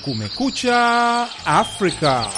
Kumekucha Afrika.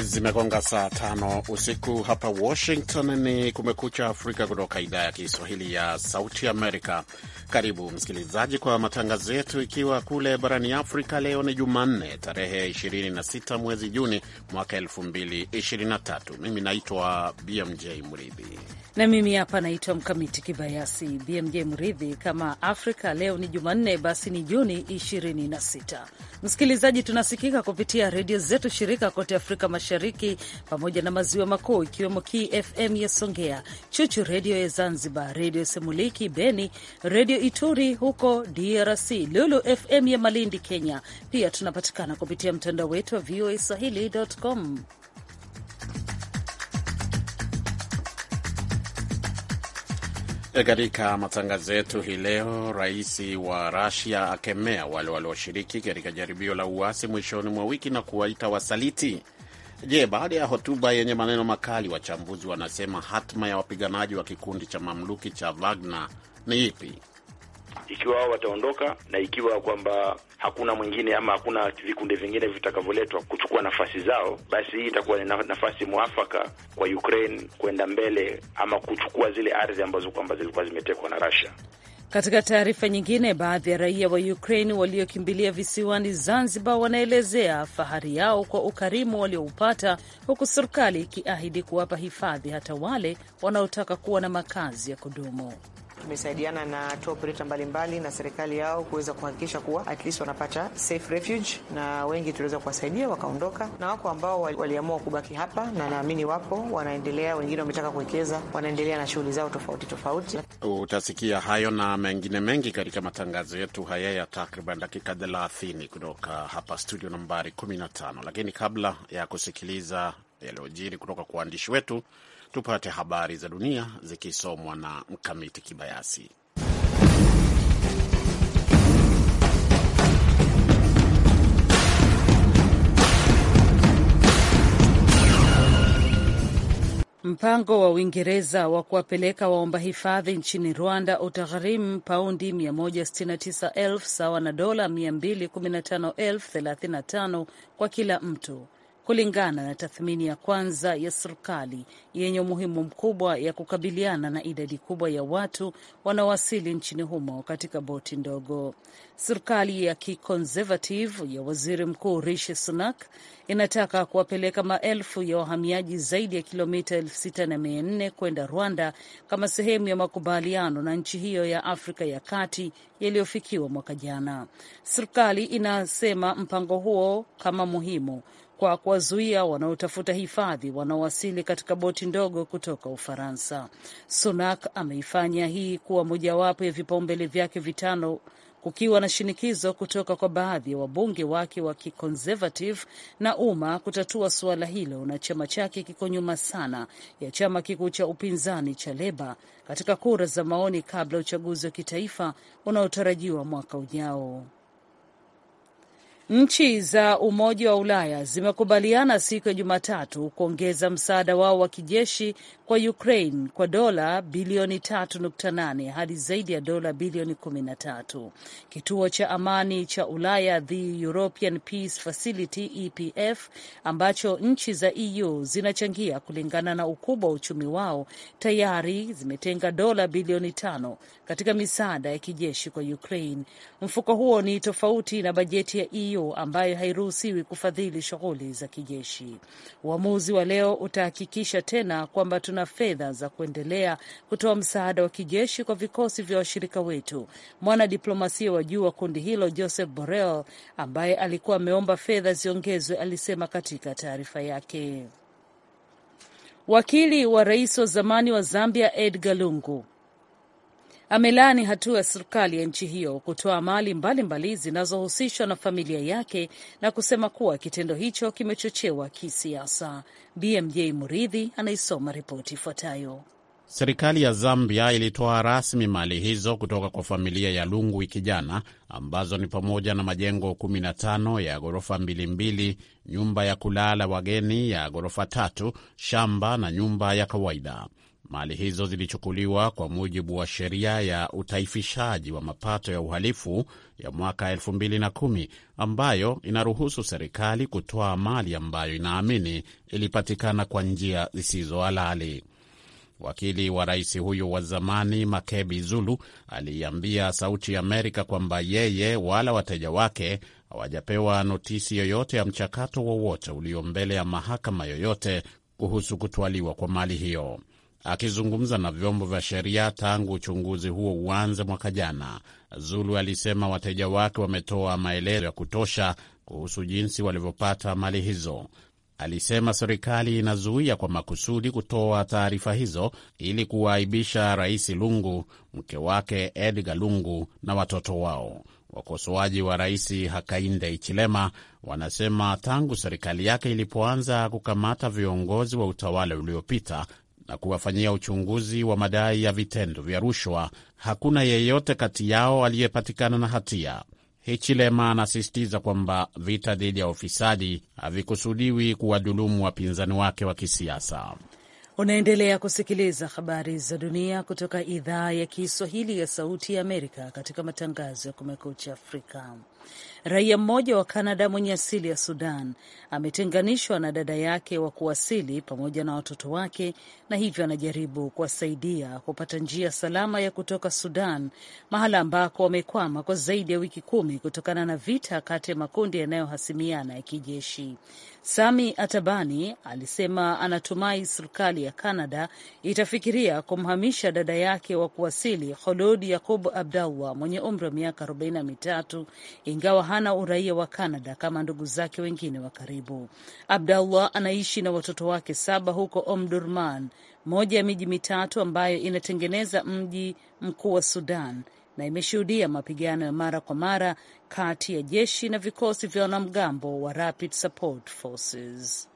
Zimegonga saa tano usiku hapa Washington. Ni Kumekucha Afrika kutoka idhaa ya Kiswahili ya Sauti Amerika. Karibu msikilizaji kwa matangazo yetu, ikiwa kule barani Afrika leo ni Jumanne tarehe 26 mwezi Juni mwaka 2023. Mimi naitwa BMJ Mridhi na mimi hapa naitwa Mkamiti Kibayasi. BMJ Mridhi, kama Afrika leo ni Jumanne, basi ni Juni 26. Msikilizaji, tunasikika kupitia redio zetu shirika kote Afrika Mashariki pamoja na maziwa makuu, ikiwemo KFM ya Songea, Chuchu redio ya Zanzibar, redio Semuliki Beni, redio Ituri huko DRC, Lulu FM ya Malindi Kenya. Pia tunapatikana kupitia mtandao wetu wa VOA Swahili.com. Katika matangazo yetu hii leo, rais wa Rasia akemea wale walioshiriki katika jaribio la uasi mwishoni mwa wiki na kuwaita wasaliti. Je, baada ya hotuba yenye maneno makali, wachambuzi wanasema hatma ya wapiganaji wa kikundi cha mamluki cha Wagner ni ipi? ikiwa wao wataondoka na ikiwa kwamba hakuna mwingine ama hakuna vikundi vingine vitakavyoletwa kuchukua nafasi zao, basi hii itakuwa ni nafasi mwafaka kwa Ukraine kwenda mbele ama kuchukua zile ardhi ambazo kwamba zilikuwa zimetekwa na Russia. Katika taarifa nyingine, baadhi ya raia wa Ukraine waliokimbilia visiwani Zanzibar wanaelezea fahari yao kwa ukarimu walioupata, huku serikali ikiahidi kuwapa hifadhi hata wale wanaotaka kuwa na makazi ya kudumu. Tumesaidiana na tour operator mbalimbali na serikali yao kuweza kuhakikisha kuwa at least wanapata safe refuge, na wengi tuliweza kuwasaidia wakaondoka, na wako ambao waliamua kubaki hapa, na naamini wapo wanaendelea, wengine wametaka kuwekeza, wanaendelea na shughuli zao tofauti tofauti. Utasikia hayo na mengine mengi katika matangazo yetu haya ya takriban dakika thelathini kutoka hapa studio nambari 15, lakini kabla ya kusikiliza yaliyojiri kutoka kwa waandishi wetu tupate habari za dunia zikisomwa na Mkamiti Kibayasi. Mpango wa Uingereza wa kuwapeleka waomba hifadhi nchini Rwanda utagharimu paundi 169,000 sawa na dola 215,035 kwa kila mtu kulingana na tathmini ya kwanza ya serikali yenye umuhimu mkubwa ya kukabiliana na idadi kubwa ya watu wanaowasili nchini humo katika boti ndogo. Serikali ya kiconservative ya waziri mkuu Rishi Sunak inataka kuwapeleka maelfu ya wahamiaji zaidi ya kilomita 64 kwenda Rwanda kama sehemu ya makubaliano na nchi hiyo ya Afrika ya kati yaliyofikiwa mwaka jana. Serikali inasema mpango huo kama muhimu kwa kuwazuia wanaotafuta hifadhi wanaowasili katika boti ndogo kutoka Ufaransa. Sunak ameifanya hii kuwa mojawapo ya vipaumbele vyake vitano kukiwa na shinikizo kutoka kwa baadhi ya wabunge wake wa kiconservative na umma kutatua suala hilo, na chama chake kiko nyuma sana ya chama kikuu cha upinzani cha Leba katika kura za maoni kabla ya uchaguzi wa kitaifa unaotarajiwa mwaka ujao. Nchi za Umoja wa Ulaya zimekubaliana siku ya Jumatatu kuongeza msaada wao wa kijeshi kwa Ukraine kwa dola bilioni 3.8 hadi zaidi ya dola bilioni 13. Kituo cha amani cha Ulaya the European Peace Facility EPF, ambacho nchi za EU zinachangia kulingana na ukubwa wa uchumi wao, tayari zimetenga dola bilioni tano katika misaada ya kijeshi kwa Ukraine. Mfuko huo ni tofauti na bajeti ya EU ambayo hairuhusiwi kufadhili shughuli za kijeshi. Uamuzi wa leo utahakikisha tena kwamba tuna hakuna fedha za kuendelea kutoa msaada wa kijeshi kwa vikosi vya washirika wetu. Mwanadiplomasia wa juu wa kundi hilo Joseph Borrell, ambaye alikuwa ameomba fedha ziongezwe, alisema katika taarifa yake. Wakili wa rais wa zamani wa Zambia Edgar Lungu amelaani hatua ya serikali ya nchi hiyo kutoa mali mbalimbali zinazohusishwa na familia yake na kusema kuwa kitendo hicho kimechochewa kisiasa. BMJ Muridhi anaisoma ripoti ifuatayo. Serikali ya Zambia ilitoa rasmi mali hizo kutoka kwa familia ya Lungu wiki jana, ambazo ni pamoja na majengo 15 ya ghorofa mbili mbili, nyumba ya kulala wageni ya ghorofa tatu, shamba na nyumba ya kawaida. Mali hizo zilichukuliwa kwa mujibu wa sheria ya utaifishaji wa mapato ya uhalifu ya mwaka 2010 ambayo inaruhusu serikali kutoa mali ambayo inaamini ilipatikana kwa njia zisizo halali. Wakili wa rais huyo wa zamani Makebi Zulu aliiambia Sauti ya Amerika kwamba yeye wala wateja wake hawajapewa notisi yoyote ya mchakato wowote ulio mbele ya mahakama yoyote kuhusu kutwaliwa kwa mali hiyo. Akizungumza na vyombo vya sheria tangu uchunguzi huo uanze mwaka jana, Zulu alisema wateja wake wametoa maelezo ya kutosha kuhusu jinsi walivyopata mali hizo. Alisema serikali inazuia kwa makusudi kutoa taarifa hizo ili kuwaaibisha Rais Lungu, mke wake Edgar Lungu na watoto wao. Wakosoaji wa Rais Hakainde Ichilema wanasema tangu serikali yake ilipoanza kukamata viongozi wa utawala uliopita na kuwafanyia uchunguzi wa madai ya vitendo vya rushwa. Hakuna yeyote kati yao aliyepatikana na hatia. Hichilema anasisitiza kwamba vita dhidi ya ufisadi havikusudiwi kuwadhulumu wapinzani wake wa kisiasa. Unaendelea kusikiliza habari za dunia kutoka idhaa ya Kiswahili ya Sauti ya Amerika katika matangazo ya Kumekucha Afrika. Raia mmoja wa Kanada mwenye asili ya Sudan ametenganishwa na dada yake wa kuwasili pamoja na watoto wake, na hivyo anajaribu kuwasaidia kupata njia salama ya kutoka Sudan, mahala ambako wamekwama kwa zaidi ya wiki kumi kutokana na vita kati ya makundi yanayohasimiana ya kijeshi. Sami Atabani alisema anatumai serikali ya Kanada itafikiria kumhamisha dada yake wa kuwasili holud Yakub Abdallah mwenye umri wa miaka 43 ingawa hana uraia wa Canada kama ndugu zake wengine wa karibu. Abdallah anaishi na watoto wake saba huko Omdurman, moja ya miji mitatu ambayo inatengeneza mji mkuu wa Sudan na imeshuhudia mapigano ya mara kwa mara kati ya jeshi na vikosi vya wanamgambo wa Rapid Support Forces.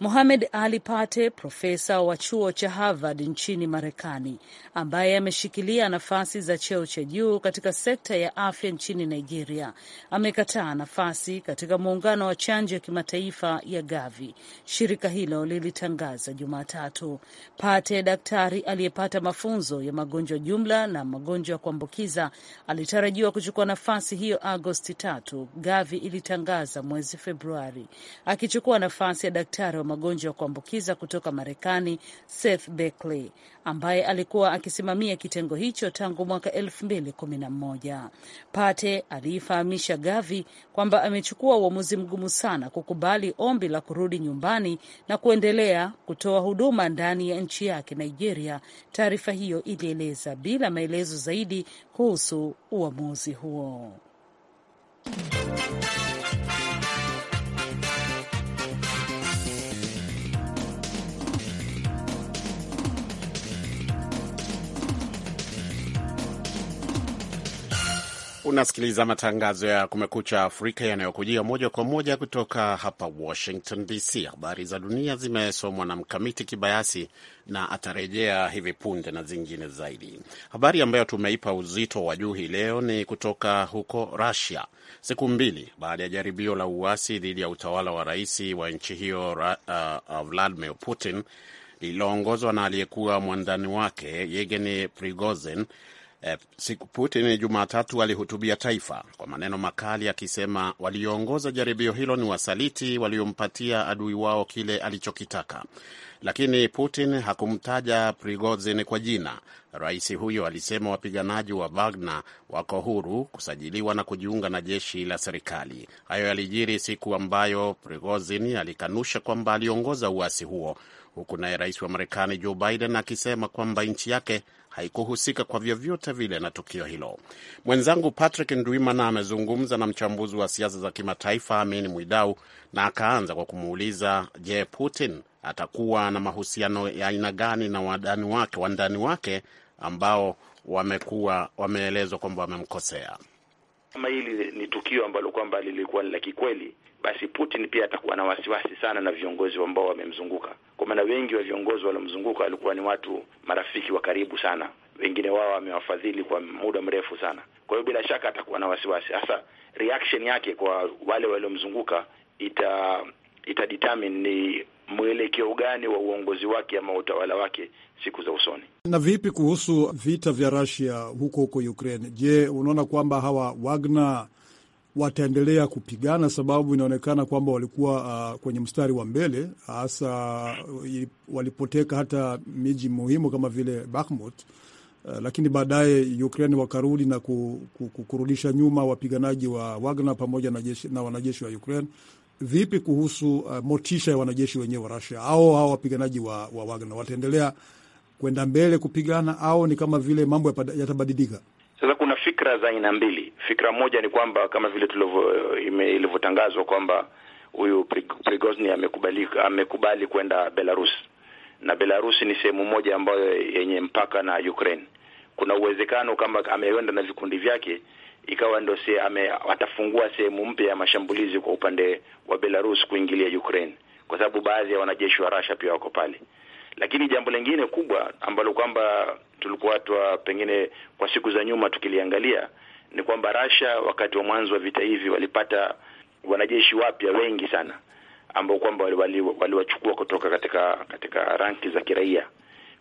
Mohamed Ali Pate, profesa wa chuo cha Harvard nchini Marekani, ambaye ameshikilia nafasi za cheo cha juu katika sekta ya afya nchini Nigeria, amekataa nafasi katika muungano wa chanjo ya kimataifa ya Gavi, shirika hilo lilitangaza Jumatatu. Pate, daktari aliyepata mafunzo ya magonjwa jumla na magonjwa ya kuambukiza, alitarajiwa kuchukua nafasi hiyo Agosti tatu, Gavi ilitangaza mwezi Februari, akichukua nafasi ya daktari magonjwa ya kuambukiza kutoka Marekani, Seth Berkley, ambaye alikuwa akisimamia kitengo hicho tangu mwaka 2011. Pate aliifahamisha Gavi kwamba amechukua uamuzi mgumu sana kukubali ombi la kurudi nyumbani na kuendelea kutoa huduma ndani ya nchi yake Nigeria, taarifa hiyo ilieleza, bila maelezo zaidi kuhusu uamuzi huo. Unasikiliza matangazo ya Kumekucha Afrika yanayokujia moja kwa moja kutoka hapa Washington DC. Habari za dunia zimesomwa na Mkamiti Kibayasi na atarejea hivi punde na zingine zaidi. Habari ambayo tumeipa uzito wa juu hii leo ni kutoka huko Russia, siku mbili baada ya jaribio la uasi dhidi ya utawala wa rais wa nchi hiyo uh, uh, Vladimir Putin lililoongozwa na aliyekuwa mwandani wake Yevgeny Prigozhin Eh, siku Putin Jumatatu alihutubia taifa kwa maneno makali akisema walioongoza jaribio hilo ni wasaliti waliompatia adui wao kile alichokitaka. Lakini Putin hakumtaja Prigozhin kwa jina. Rais huyo alisema wapiganaji wa Wagner wako huru kusajiliwa na kujiunga na jeshi la serikali. Hayo yalijiri siku ambayo Prigozhin alikanusha kwamba aliongoza uasi huo, huku naye rais wa Marekani Joe Biden akisema kwamba nchi yake haikuhusika kwa vyovyote vile na tukio hilo. Mwenzangu Patrick Ndwimana amezungumza na mchambuzi wa siasa za kimataifa Amin Mwidau na akaanza kwa kumuuliza, je, Putin atakuwa na mahusiano ya aina gani na wadani wake wandani wake ambao wamekuwa wameelezwa kwamba wamemkosea? Kama hili ni tukio ambalo kwamba lilikuwa ni la kikweli, basi Putin pia atakuwa na wasiwasi sana na viongozi ambao wamemzunguka, kwa maana wengi wa viongozi waliomzunguka walikuwa ni watu marafiki wa karibu sana, wengine wao wamewafadhili kwa muda mrefu sana. Kwa hiyo bila shaka atakuwa na wasiwasi, hasa reaction yake kwa wale waliomzunguka ita ita determine ni mwelekeo gani wa uongozi wake ama utawala wake siku za usoni. Na vipi kuhusu vita vya Russia huko huko Ukraine? Je, unaona kwamba hawa Wagner wataendelea kupigana, sababu inaonekana kwamba walikuwa uh, kwenye mstari wa mbele, hasa uh, walipoteka hata miji muhimu kama vile Bakhmut. Uh, lakini baadaye Ukraine wakarudi na ku, ku, ku, kurudisha nyuma wapiganaji wa Wagner pamoja na, jeshi, na wanajeshi wa Ukraine. Vipi kuhusu uh, motisha ya wanajeshi wenyewe wa Russia au hao wapiganaji wa, wa Wagner wataendelea kwenda mbele kupigana au ni kama vile mambo yatabadilika? fikra za aina mbili. Fikra moja ni kwamba kama vile eh, ilivyotangazwa kwamba huyu Prigozhin amekubali amekubali kwenda Belarus, na Belarus ni sehemu moja ambayo yenye mpaka na Ukraine. Kuna uwezekano kama ameenda na vikundi vyake ikawa ndio se, ame, atafungua sehemu mpya ya mashambulizi kwa upande wa Belarus kuingilia Ukraine, kwa sababu baadhi ya wanajeshi wa Russia pia wako pale. Lakini jambo lingine kubwa ambalo kwamba tulikuwa twa ah, pengine kwa siku za nyuma tukiliangalia ni kwamba Russia wakati wa mwanzo wa vita hivi walipata wanajeshi wapya wengi sana ambao kwamba waliwachukua wali, wali kutoka katika katika ranki za kiraia.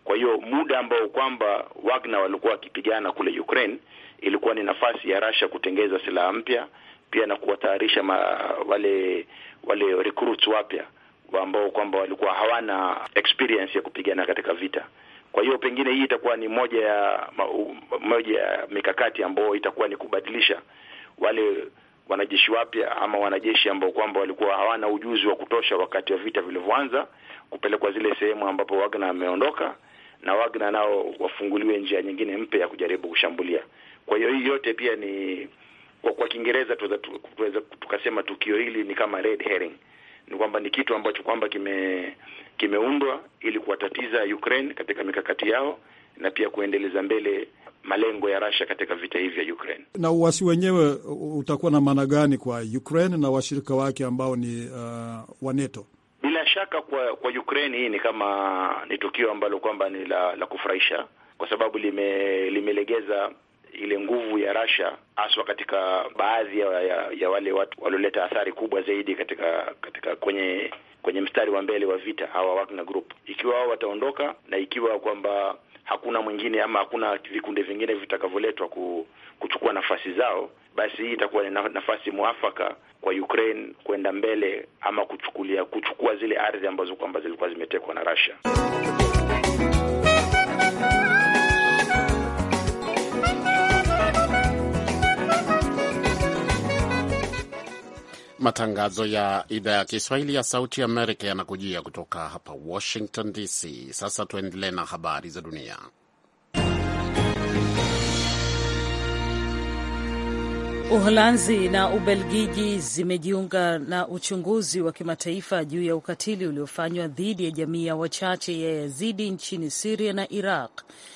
Kwa hiyo muda ambao kwamba Wagner walikuwa wakipigana kule Ukraine ilikuwa ni nafasi ya Russia kutengeza silaha mpya pia na kuwatayarisha wale wale recruits wapya ambao kwamba walikuwa hawana experience ya kupigana katika vita. Kwa hiyo pengine hii itakuwa ni moja ya moja ya mikakati ambayo itakuwa ni kubadilisha wale wanajeshi wapya ama wanajeshi ambao kwamba walikuwa hawana ujuzi wa kutosha wakati wa vita vilivyoanza, kupelekwa zile sehemu ambapo Wagner ameondoka, na Wagner nao wafunguliwe njia nyingine mpya ya kujaribu kushambulia. Kwa hiyo hii yote pia ni kwa, kwa Kiingereza tuweza tukasema tukio hili ni kama red herring ni kwamba ni kitu ambacho kwamba kime kimeundwa ili kuwatatiza Ukraine katika mikakati yao na pia kuendeleza mbele malengo ya Russia katika vita hivi vya Ukraine. Na uasi wenyewe utakuwa na maana gani kwa Ukraine na washirika wake ambao ni uh, wa NATO? Bila shaka kwa kwa Ukraine hii ni kama ni tukio ambalo kwamba ni la, la kufurahisha kwa sababu lime, limelegeza ile nguvu ya Russia haswa katika baadhi ya, ya, ya wale watu walioleta athari kubwa zaidi katika katika kwenye kwenye mstari wa mbele wa vita hawa Wagner Group, ikiwa wao wataondoka na ikiwa kwamba hakuna mwingine ama hakuna vikundi vingine vitakavyoletwa kuchukua nafasi zao, basi hii itakuwa ni nafasi mwafaka kwa Ukraine kwenda mbele ama kuchukulia kuchukua zile ardhi ambazo kwamba zilikuwa zimetekwa na Russia. Matangazo ya idhaa ya Kiswahili ya Sauti Amerika yanakujia kutoka hapa Washington DC. Sasa tuendelee na habari za dunia. Uholanzi na Ubelgiji zimejiunga na uchunguzi wa kimataifa juu ya ukatili uliofanywa dhidi ya jamii ya wachache ya Yazidi nchini Siria na Iraq,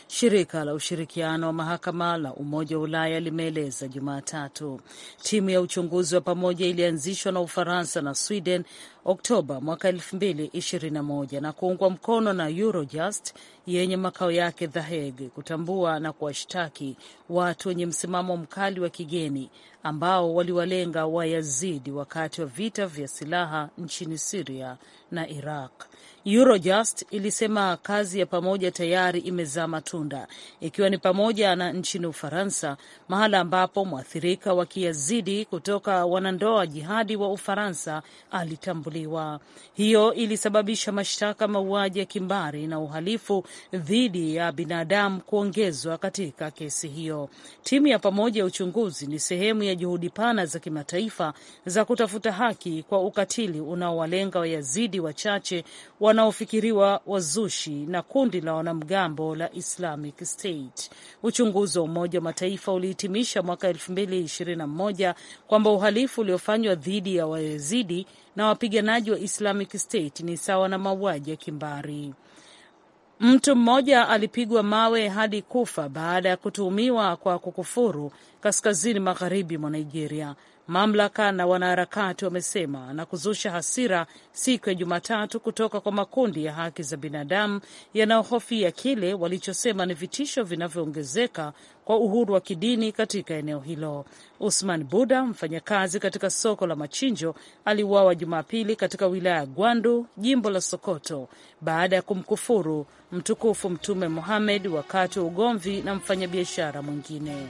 shirika la ushirikiano wa mahakama la Umoja wa Ulaya limeeleza Jumatatu. Timu ya uchunguzi wa pamoja ilianzishwa na Ufaransa na Sweden Oktoba mwaka 2021 na kuungwa mkono na Eurojust yenye makao yake The Hague kutambua na kuwashtaki watu wenye msimamo mkali wa kigeni ambao waliwalenga Wayazidi wakati wa vita vya silaha nchini Siria na Iraq. Eurojust ilisema kazi ya pamoja tayari imezaa matunda, ikiwa ni pamoja na nchini Ufaransa, mahala ambapo mwathirika wa Kiyazidi kutoka wanandoa jihadi wa Ufaransa alitambuliwa. Hiyo ilisababisha mashtaka mauaji ya kimbari na uhalifu dhidi ya binadamu kuongezwa katika kesi hiyo. Timu ya pamoja ya uchunguzi ni sehemu ya juhudi pana za kimataifa za kutafuta haki kwa ukatili unaowalenga Wayazidi wachache wa wanaofikiriwa wazushi na kundi la wanamgambo la Islamic State. Uchunguzi wa Umoja wa Mataifa ulihitimisha mwaka 2021 kwamba uhalifu uliofanywa dhidi ya Wayazidi na wapiganaji wa Islamic State ni sawa na mauaji ya kimbari. Mtu mmoja alipigwa mawe hadi kufa baada ya kutuhumiwa kwa kukufuru kaskazini magharibi mwa Nigeria mamlaka na wanaharakati wamesema, na kuzusha hasira siku ya Jumatatu kutoka kwa makundi ya haki za binadamu yanayohofia kile walichosema ni vitisho vinavyoongezeka kwa uhuru wa kidini katika eneo hilo. Usman Buda, mfanyakazi katika soko la machinjo, aliuawa Jumapili katika wilaya ya Gwandu, jimbo la Sokoto, baada ya kumkufuru mtukufu Mtume Muhammad wakati wa ugomvi na mfanyabiashara mwingine.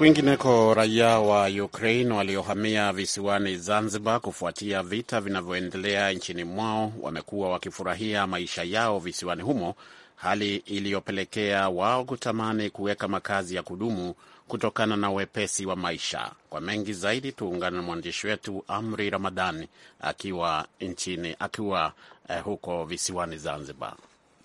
Kwingineko, raia wa Ukraine waliohamia visiwani Zanzibar kufuatia vita vinavyoendelea nchini mwao wamekuwa wakifurahia maisha yao visiwani humo, hali iliyopelekea wao kutamani kuweka makazi ya kudumu kutokana na uwepesi wa maisha. Kwa mengi zaidi, tuungane na mwandishi wetu Amri Ramadhani akiwa nchini akiwa eh, huko visiwani Zanzibar.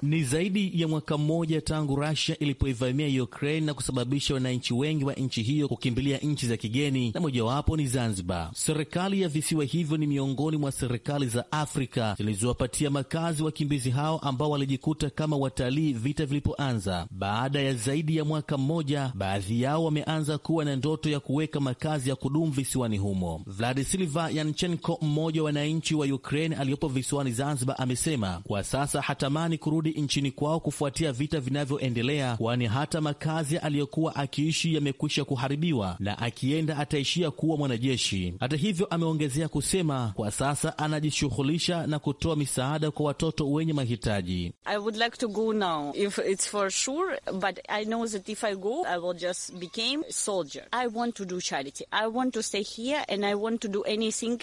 Ni zaidi ya mwaka mmoja tangu rasia ilipoivamia Ukraine na kusababisha wananchi wengi wa nchi hiyo kukimbilia nchi za kigeni na mojawapo ni Zanzibar. Serikali ya visiwa hivyo ni miongoni mwa serikali za Afrika zilizowapatia makazi wakimbizi hao ambao walijikuta kama watalii vita vilipoanza. Baada ya zaidi ya mwaka mmoja, baadhi yao wameanza kuwa na ndoto ya kuweka makazi ya kudumu visiwani humo. Vladisilva Yanchenko, mmoja wa wananchi wa Ukraine aliyopo visiwani Zanzibar, amesema kwa sasa hatamani kurudi nchini kwao kufuatia vita vinavyoendelea, kwani hata makazi aliyokuwa akiishi yamekwisha kuharibiwa na akienda ataishia kuwa mwanajeshi. Hata hivyo, ameongezea kusema kwa sasa anajishughulisha na kutoa misaada kwa watoto wenye mahitaji.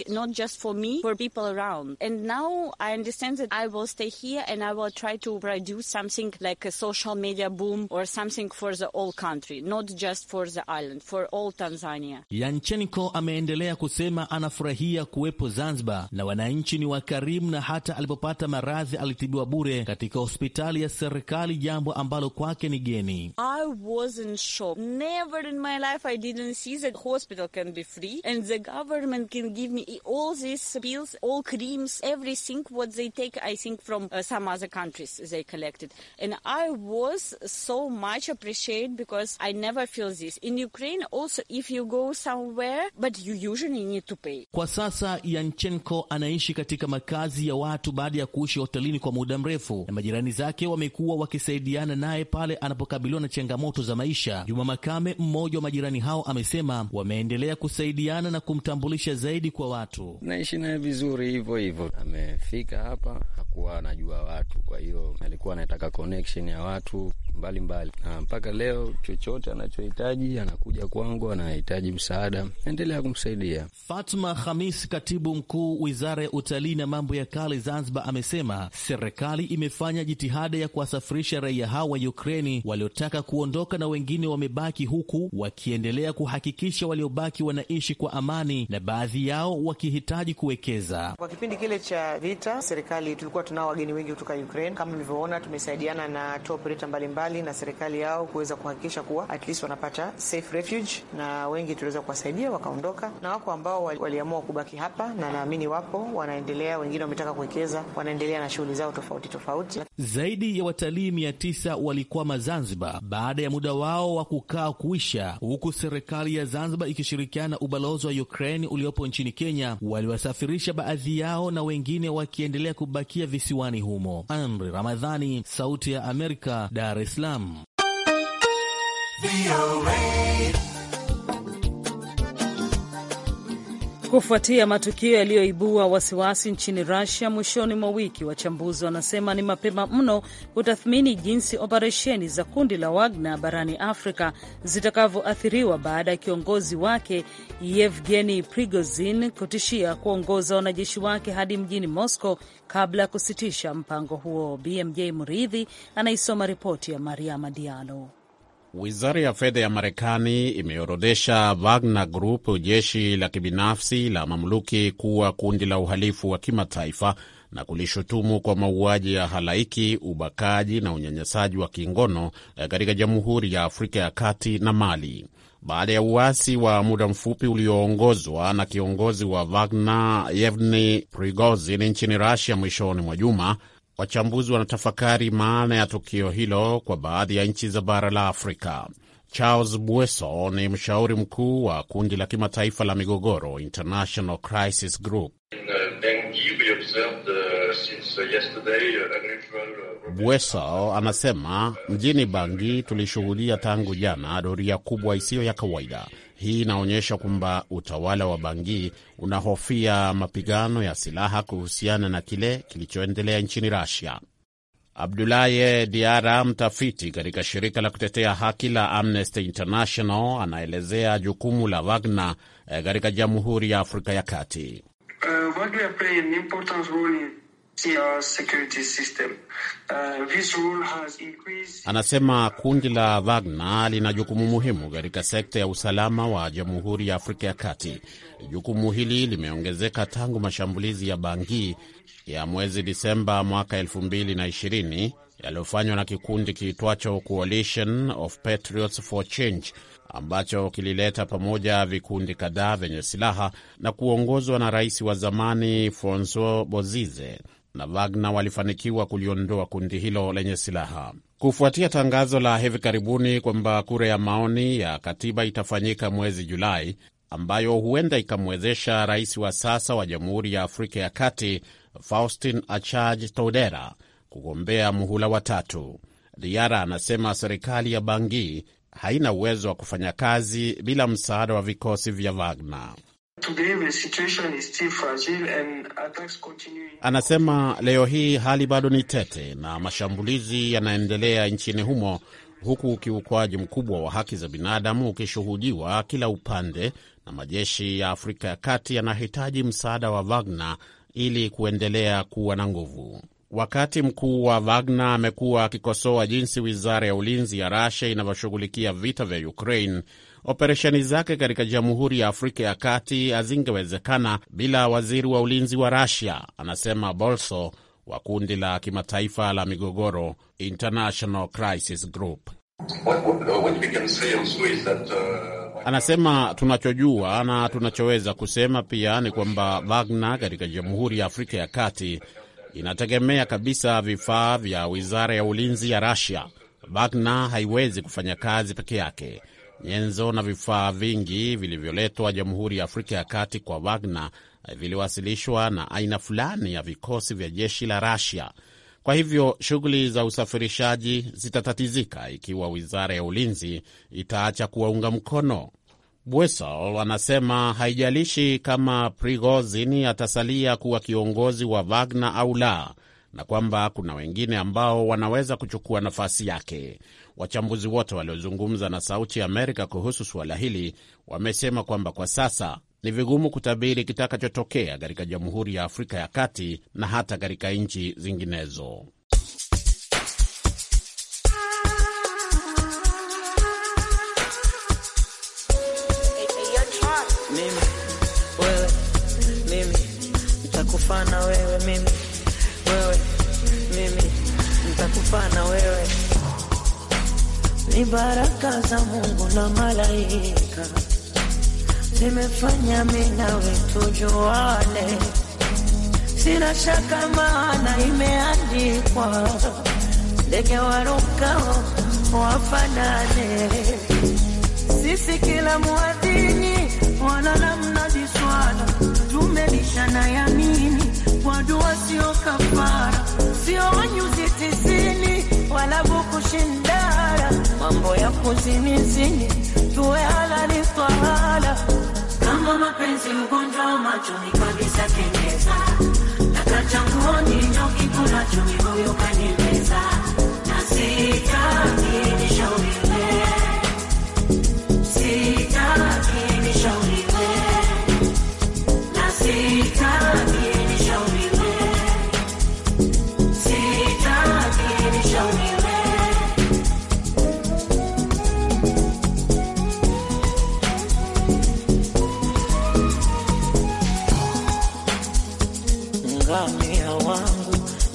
now for me for people around. And now I understand that I will stay here and I will try to produce something like a social media boom or something for the whole country, not just for the island, for all Tanzania. Yanchenko ameendelea kusema anafurahia kuwepo Zanzibar na wananchi ni wakarimu, na hata alipopata maradhi alitibiwa bure katika hospitali ya serikali, jambo ambalo kwake ni geni. I wasn't shocked. Never in my life I didn't see that hospital can be free and the government can give me all these pills, all creams, everything what they take I think from uh, some other countries. they collected. And I was so much appreciated because I never feel this. In Ukraine also if you go somewhere but you usually need to pay. Kwa sasa Yanchenko anaishi katika makazi ya watu baada ya kuishi hotelini kwa muda mrefu na majirani zake wamekuwa wakisaidiana naye pale anapokabiliwa na changamoto za maisha. Juma Makame, mmoja wa majirani hao, amesema wameendelea kusaidiana na kumtambulisha zaidi kwa watu. Naishi naye vizuri hivyo hivyo, amefika hapa hakuwa anajua watu, kwa hiyo alikuwa anataka connection ya watu mbalimbali mbali. Na mpaka leo chochote anachohitaji anakuja kwangu, anahitaji msaada, endelea kumsaidia. Fatma Khamis, katibu mkuu wizara ya utalii na mambo ya kale Zanzibar, amesema serikali imefanya jitihada ya kuwasafirisha raia hao wa Ukraini waliotaka kuondoka na wengine wamebaki, huku wakiendelea kuhakikisha waliobaki wanaishi kwa amani na baadhi yao wakihitaji kuwekeza. Kwa kipindi kile cha vita, serikali tulikuwa tunao wageni wengi kutoka Ukraine kama mlivyoona tumesaidiana na tour operator mbalimbali na serikali yao kuweza kuhakikisha kuwa at least wanapata safe refuge, na wengi tuliweza kuwasaidia wakaondoka, na wako ambao waliamua kubaki hapa, na naamini wapo wanaendelea, wengine wametaka kuwekeza, wanaendelea na shughuli zao tofauti tofauti. Zaidi ya watalii mia tisa walikwama Zanzibar baada ya muda wao wa kukaa kuisha, huku serikali ya Zanzibar ikishirikiana na ubalozi wa Ukraine uliopo nchini Kenya waliwasafirisha baadhi yao na wengine wakiendelea kubakia visiwani humo. Amri Ramadhan Ramadhani, Sauti ya Amerika, Dar es Salaam. Kufuatia matukio yaliyoibua wasiwasi nchini Russia mwishoni mwa wiki, wachambuzi wanasema ni mapema mno kutathmini jinsi operesheni za kundi la Wagner barani Afrika zitakavyoathiriwa baada ya kiongozi wake Yevgeni Prigozhin kutishia kuongoza wanajeshi wake hadi mjini Moscow kabla ya kusitisha mpango huo. BMJ Mridhi anaisoma ripoti ya Mariama Diallo. Wizara ya fedha ya Marekani imeorodhesha Wagner Group, jeshi la kibinafsi la mamluki, kuwa kundi la uhalifu wa kimataifa na kulishutumu kwa mauaji ya halaiki, ubakaji na unyanyasaji wa kingono eh, katika Jamhuri ya Afrika ya Kati na Mali baada ya uasi wa muda mfupi ulioongozwa na kiongozi wa Wagner Yevgeny Prigozhin nchini Russia mwishoni mwa juma. Wachambuzi wanatafakari maana ya tukio hilo kwa baadhi ya nchi za bara la Afrika. Charles Bweso ni mshauri mkuu wa kundi la kimataifa la migogoro International Crisis Group. Bweso anasema mjini Bangi tulishuhudia tangu jana doria kubwa isiyo ya kawaida hii inaonyesha kwamba utawala wa Bangi unahofia mapigano ya silaha kuhusiana na kile kilichoendelea nchini rasia Abdulaye Diara, mtafiti katika shirika la kutetea haki la Amnesty International, anaelezea jukumu la Wagner eh, katika Jamhuri ya Afrika ya Kati. Uh, Uh, Anasema kundi la Wagner lina jukumu muhimu katika sekta ya usalama wa Jamhuri ya Afrika ya Kati. Jukumu hili limeongezeka tangu mashambulizi ya Bangi ya mwezi Disemba mwaka 2020 yaliyofanywa na kikundi kiitwacho Coalition of Patriots for Change ambacho kilileta pamoja vikundi kadhaa vyenye silaha na kuongozwa na rais wa zamani Francois Bozize na Wagner walifanikiwa kuliondoa kundi hilo lenye silaha. Kufuatia tangazo la hivi karibuni kwamba kura ya maoni ya katiba itafanyika mwezi Julai, ambayo huenda ikamwezesha rais wa sasa wa Jamhuri ya Afrika ya Kati Faustin Achaj Todera kugombea muhula wa tatu, Diara anasema serikali ya bangi haina uwezo wa kufanya kazi bila msaada wa vikosi vya Wagner. Anasema leo hii hali bado ni tete na mashambulizi yanaendelea nchini humo huku ukiukwaji mkubwa wa haki za binadamu ukishuhudiwa kila upande, na majeshi ya Afrika ya Kati yanahitaji msaada wa Wagner ili kuendelea kuwa na nguvu. Wakati mkuu wa Wagner amekuwa akikosoa jinsi wizara ya ulinzi ya rasha inavyoshughulikia vita vya Ukraine, operesheni zake katika Jamhuri ya Afrika ya Kati hazingewezekana bila waziri wa ulinzi wa rasia anasema Bolso wa kundi la kimataifa la migogoro International Crisis Group. Uh, uh, anasema tunachojua na tunachoweza kusema pia ni kwamba Wagner katika Jamhuri ya Afrika ya Kati inategemea kabisa vifaa vya wizara ya ulinzi ya Rasia. Wagner haiwezi kufanya kazi peke yake. Nyenzo na vifaa vingi vilivyoletwa Jamhuri ya Afrika ya Kati kwa Wagner viliwasilishwa na aina fulani ya vikosi vya jeshi la Rasia. Kwa hivyo shughuli za usafirishaji zitatatizika ikiwa wizara ya ulinzi itaacha kuwaunga mkono. Bwesal anasema haijalishi kama prigozini atasalia kuwa kiongozi wa Wagner au la, na kwamba kuna wengine ambao wanaweza kuchukua nafasi yake. Wachambuzi wote waliozungumza na Sauti ya Amerika kuhusu suala hili wamesema kwamba kwa sasa ni vigumu kutabiri kitakachotokea katika Jamhuri ya Afrika ya Kati na hata katika nchi zinginezo. mimi wewe mimi nitakufana wewe mimi wewe mimi nitakufana wewe. Ni baraka za Mungu na malaika zimefanya mimi wewe tujuane, sina shaka maana imeandikwa ndege warukao wafanane, sisi kila mwadhini maisha na yamini, wadua sio kafara, sio nyuzi tisini wala kushindana mambo ya kuzinizini, tuwe halali twala. Kama mapenzi mgonjwa machoni kabisa, tengeza kaka changu ndicho kikulacho mioyo na sitaki nishauriwe, sitaki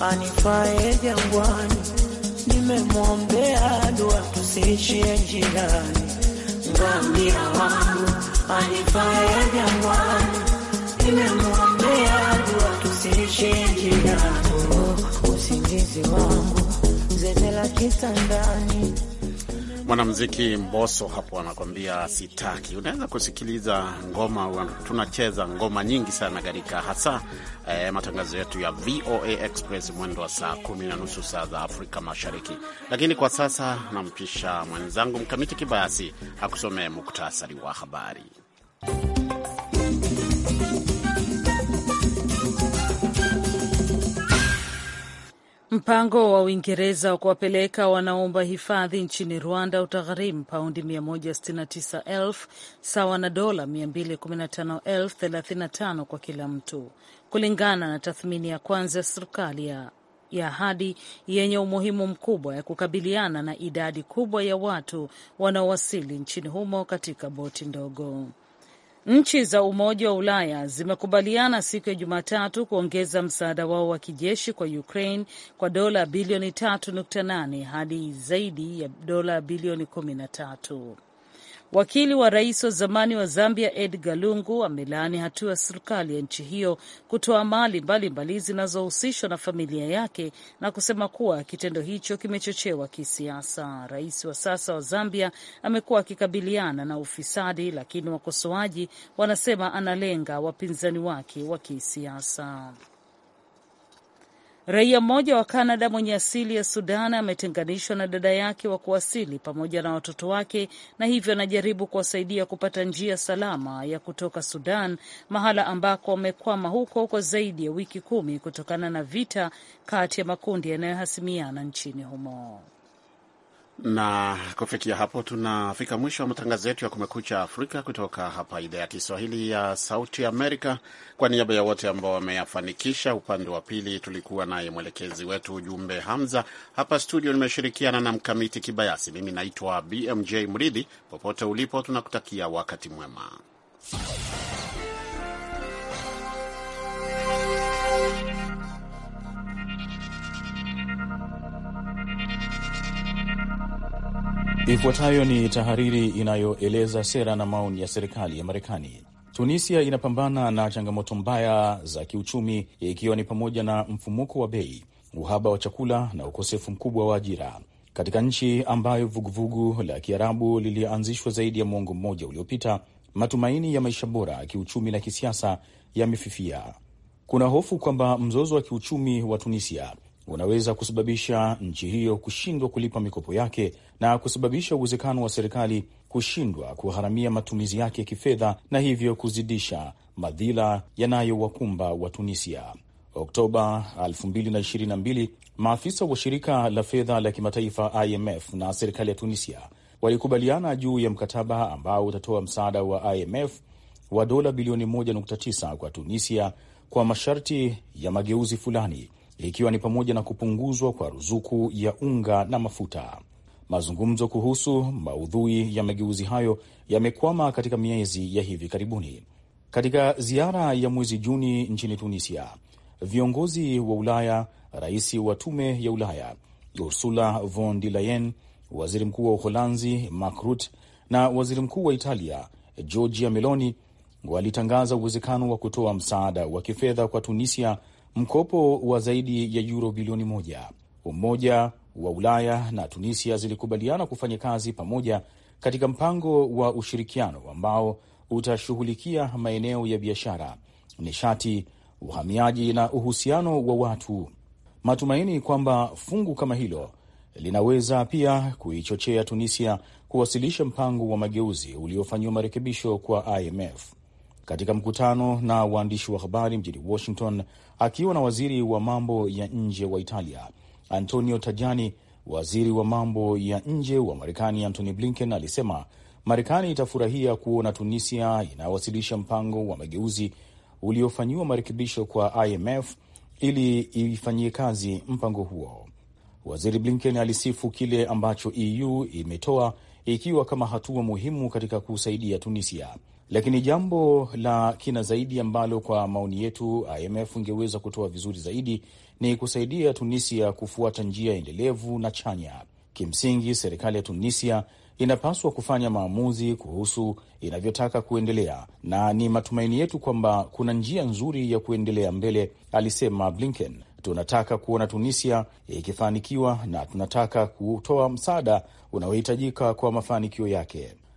anifae jangwani, nimemwombea dua tusiishie njiani. Ngambia wangu anifae jangwani, nimemwombea dua tusiishie njiani. Oh, usingizi wangu zetela kitandani mwanamziki Mboso hapo anakwambia sitaki. Unaweza kusikiliza ngoma, tunacheza ngoma nyingi sana katika hasa eh, matangazo yetu ya VOA Express mwendo wa saa kumi na nusu saa za Afrika Mashariki. Lakini kwa sasa nampisha mwenzangu Mkamiti Kibayasi akusomee muktasari wa habari. Mpango wa Uingereza wa kuwapeleka wanaomba hifadhi nchini Rwanda utagharimu paundi 169,000 sawa na dola 215,035 kwa kila mtu, kulingana na tathmini ya kwanza ya serikali ya ahadi yenye umuhimu mkubwa ya kukabiliana na idadi kubwa ya watu wanaowasili nchini humo katika boti ndogo. Nchi za Umoja wa Ulaya zimekubaliana siku ya Jumatatu kuongeza msaada wao wa kijeshi kwa Ukraine kwa dola bilioni 3.8 hadi zaidi ya dola bilioni 13. Wakili wa rais wa zamani wa Zambia Edgar Lungu amelaani hatua ya serikali ya nchi hiyo kutoa mali mbalimbali zinazohusishwa na familia yake na kusema kuwa kitendo hicho kimechochewa kisiasa. Rais wa sasa wa Zambia amekuwa akikabiliana na ufisadi, lakini wakosoaji wanasema analenga wapinzani wake wa kisiasa. Raia mmoja wa Kanada mwenye asili ya Sudan ametenganishwa na dada yake wa kuasili pamoja na watoto wake, na hivyo anajaribu kuwasaidia kupata njia salama ya kutoka Sudan, mahala ambako wamekwama huko kwa zaidi ya wiki kumi kutokana na vita kati ya makundi yanayohasimiana nchini humo. Na kufikia hapo tunafika mwisho wa matangazo yetu ya Kumekucha Afrika kutoka hapa idhaa ya Kiswahili ya Sauti Amerika. Kwa niaba ya wote ambao wameyafanikisha, upande wa pili tulikuwa naye mwelekezi wetu Jumbe Hamza. Hapa studio nimeshirikiana na Mkamiti Kibayasi. Mimi naitwa BMJ Mridhi. Popote ulipo, tunakutakia wakati mwema. Ifuatayo ni tahariri inayoeleza sera na maoni ya serikali ya Marekani. Tunisia inapambana na changamoto mbaya za kiuchumi, ikiwa ni pamoja na mfumuko wa bei, uhaba wa chakula na ukosefu mkubwa wa ajira. Katika nchi ambayo vuguvugu la Kiarabu lilianzishwa zaidi ya mwongo mmoja uliopita, matumaini ya maisha bora ya kiuchumi na kisiasa yamefifia. Kuna hofu kwamba mzozo wa kiuchumi wa Tunisia unaweza kusababisha nchi hiyo kushindwa kulipa mikopo yake na kusababisha uwezekano wa serikali kushindwa kugharamia matumizi yake ya kifedha na hivyo kuzidisha madhila yanayowakumba Watunisia. Oktoba 2022 maafisa wa shirika la fedha la kimataifa IMF na serikali ya Tunisia walikubaliana juu ya mkataba ambao utatoa msaada wa IMF wa dola bilioni 1.9 kwa Tunisia kwa masharti ya mageuzi fulani ikiwa ni pamoja na kupunguzwa kwa ruzuku ya unga na mafuta. Mazungumzo kuhusu maudhui ya mageuzi hayo yamekwama katika miezi ya hivi karibuni. Katika ziara ya mwezi Juni nchini Tunisia, viongozi wa Ulaya, rais wa tume ya Ulaya Ursula von der Leyen, waziri mkuu wa Uholanzi Mark Rutte na waziri mkuu wa Italia Giorgia Meloni walitangaza uwezekano wa kutoa msaada wa kifedha kwa Tunisia mkopo wa zaidi ya yuro bilioni moja. Umoja wa Ulaya na Tunisia zilikubaliana kufanya kazi pamoja katika mpango wa ushirikiano ambao utashughulikia maeneo ya biashara, nishati, uhamiaji na uhusiano wa watu, matumaini kwamba fungu kama hilo linaweza pia kuichochea Tunisia kuwasilisha mpango wa mageuzi uliofanyiwa marekebisho kwa IMF katika mkutano na waandishi wa habari mjini Washington akiwa na waziri wa mambo ya nje wa Italia Antonio Tajani. Waziri wa mambo ya nje wa Marekani Antony Blinken alisema Marekani itafurahia kuona Tunisia inawasilisha mpango wa mageuzi uliofanyiwa marekebisho kwa IMF ili ifanyie kazi mpango huo. Waziri Blinken alisifu kile ambacho EU imetoa ikiwa kama hatua muhimu katika kusaidia Tunisia. Lakini jambo la kina zaidi ambalo kwa maoni yetu IMF ingeweza kutoa vizuri zaidi ni kusaidia Tunisia kufuata njia endelevu na chanya. Kimsingi, serikali ya Tunisia inapaswa kufanya maamuzi kuhusu inavyotaka kuendelea, na ni matumaini yetu kwamba kuna njia nzuri ya kuendelea mbele, alisema Blinken. Tunataka kuona Tunisia ikifanikiwa na tunataka kutoa msaada unaohitajika kwa mafanikio yake.